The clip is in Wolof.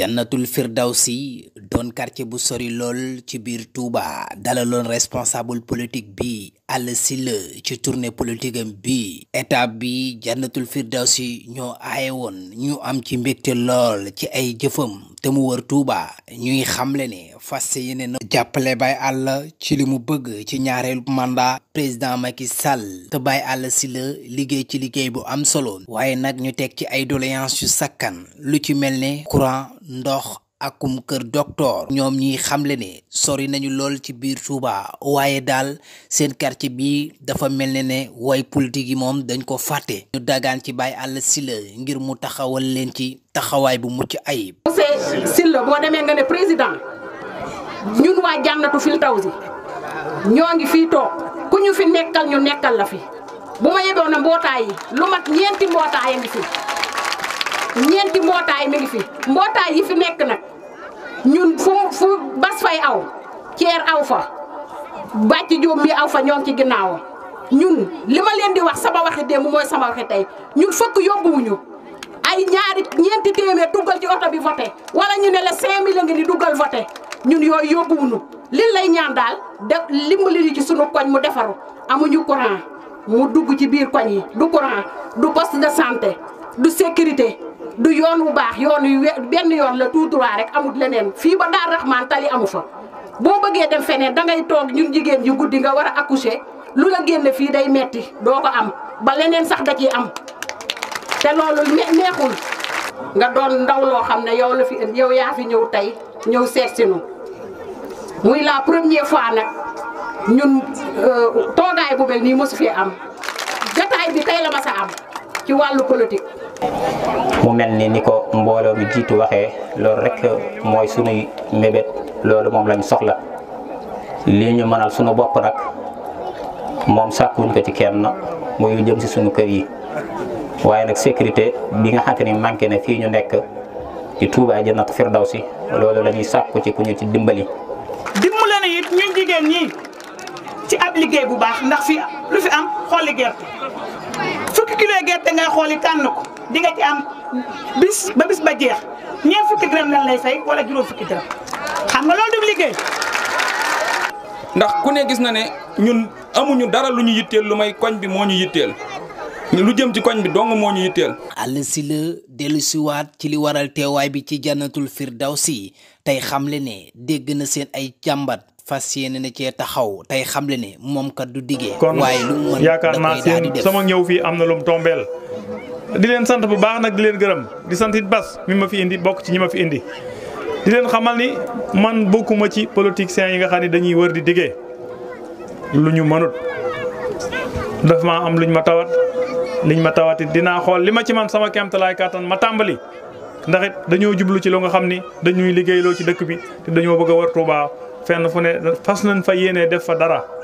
jannatul firdawsi doon quartier bu sori lool ci biir Touba dalaloon responsable politique bi Alla Sylla ci tournée politique am bi étape bi jannatul si ñoo aaye woon ñu am ci mbégte lool ci ay jëfam te mu wër Touba ñuy xamle ne fas yéene na jàppale Baye àll ci li mu bëgg ci ñaareelu mandat président Macky Sall te Baye Alla Sylla liggéey ci liggéey bu am solo waaye nag ñu teg ci ay doléances yu sakkan lu ci mel ne courant ndox akum kër docteur ñoom ñi xamle ne sori nañu lool ci biir Touba waaye daal seen quartier bi dafa mel ne ne way politique yi moom dañ ko fàtte ñu daggaan ci Baye àll Sylla ngir mu taxawal leen ci taxawaay bu mucc ayib. Sylla boo demee nga ne président ñun waa jànnatu fil taw si ñoo ngi fii toog ku ñu fi nekkal ñu nekkal la fi bu ma yeboon na mbootaay yi lu mat ñeenti mbootaay a ngi fi ñeenti mbootaay mi ngi fi mbootaay yi fi nekk nag ñun fu fu bas fay aw ceer aw fa bàcc jóom mi aw fa ñoo ngi ci ginnaawam ñun li ma leen di wax sama waxi démb mooy sama waxi tey ñun fëkk yóbbuwuñu ay ñaari ñeenti téeméer duggal ci oto bi voté wala ñu ne la 5000 la nga di duggal voté ñun yooyu yóbbuwunu lin lay ñaan daal de limbali li ci sunu koñ mu defaru amuñu courant mu dugg ci biir koñ yi du courant du poste de santé du sécurité du yoon wu baax yoon yu benn yoon la tout droit rek amut leneen fii ba Daar Rahman tali amu fa boo bëggee dem feneen da ngay toog ñun jigéen yu guddi nga war a accoucher lu la génne fii day metti doo ko am ba leneen sax da ciy am te loolu neexul nga doon ndaw loo xam ne yow la fi yow yaa fi ñëw tey ñëw seet si nu muy la première fois nag ñun euh, toogaay bu mel nii mosu fee am jataay bi tey la ma am ci wàllu politique. mu mel ni ni ko mbooloo mi jiitu waxee loolu rek mooy sunuy mébét loolu moom lañ soxla lii ñu mënal sunu bopp nag moom sàkkuñ ko ci kenn muy lu jëm si sunu kër yi waaye nag sécurité bi nga xamante ni manqué na fii ñu nekk ci Touba Jannatul si loolu la ñuy sàkku ci ku ñu ci dimbali. dimbale na it ñun jigéen ñi ci ab liggéey bu baax ndax fi lu fi am xooli gerte fukki kilo gerte ngay xooli tànn ko di nga ci am bis ba bis ba jeex ñeent fukki dërëm lan lay fay wala juróom fukki dërëm xam nga loolu du liggéey. ndax ku ne gis na ne ñun amuñu dara lu ñu yitteel lu may koñ bi moo ñu yitteel. lu jëm ci koñ bi dong moo ñu yitteel. Alla Sylla dellusiwaat ci li waral teewaay bi ci fiir daw firdawsi tey xamle ne dégg na seen ay jàmbat fa yéene na cee taxaw tey xamle ne moom kat du diggee. waaye lu mu mën yaakaar naa seen sama ñëw fii am na lum tombeel di leen sant bu baax nag di leen gërëm di sant it bas mi ma fi indi bokk ci ñi ma fi indi. di leen xamal ni man bokkuma ci politiciens yi nga xam ne dañuy wër di diggee lu ñu mënut daf maa liñ ma tawati dinaa xool li ma ci man sama kéemtalaay kàttan ma tàmbali ndax it dañoo jublu ci lu nga xam ni dañuy liggéeyloo ci dëkk bi te dañoo bëgg a war Tuuba fenn fu ne fas nañ fa yéenee def fa dara.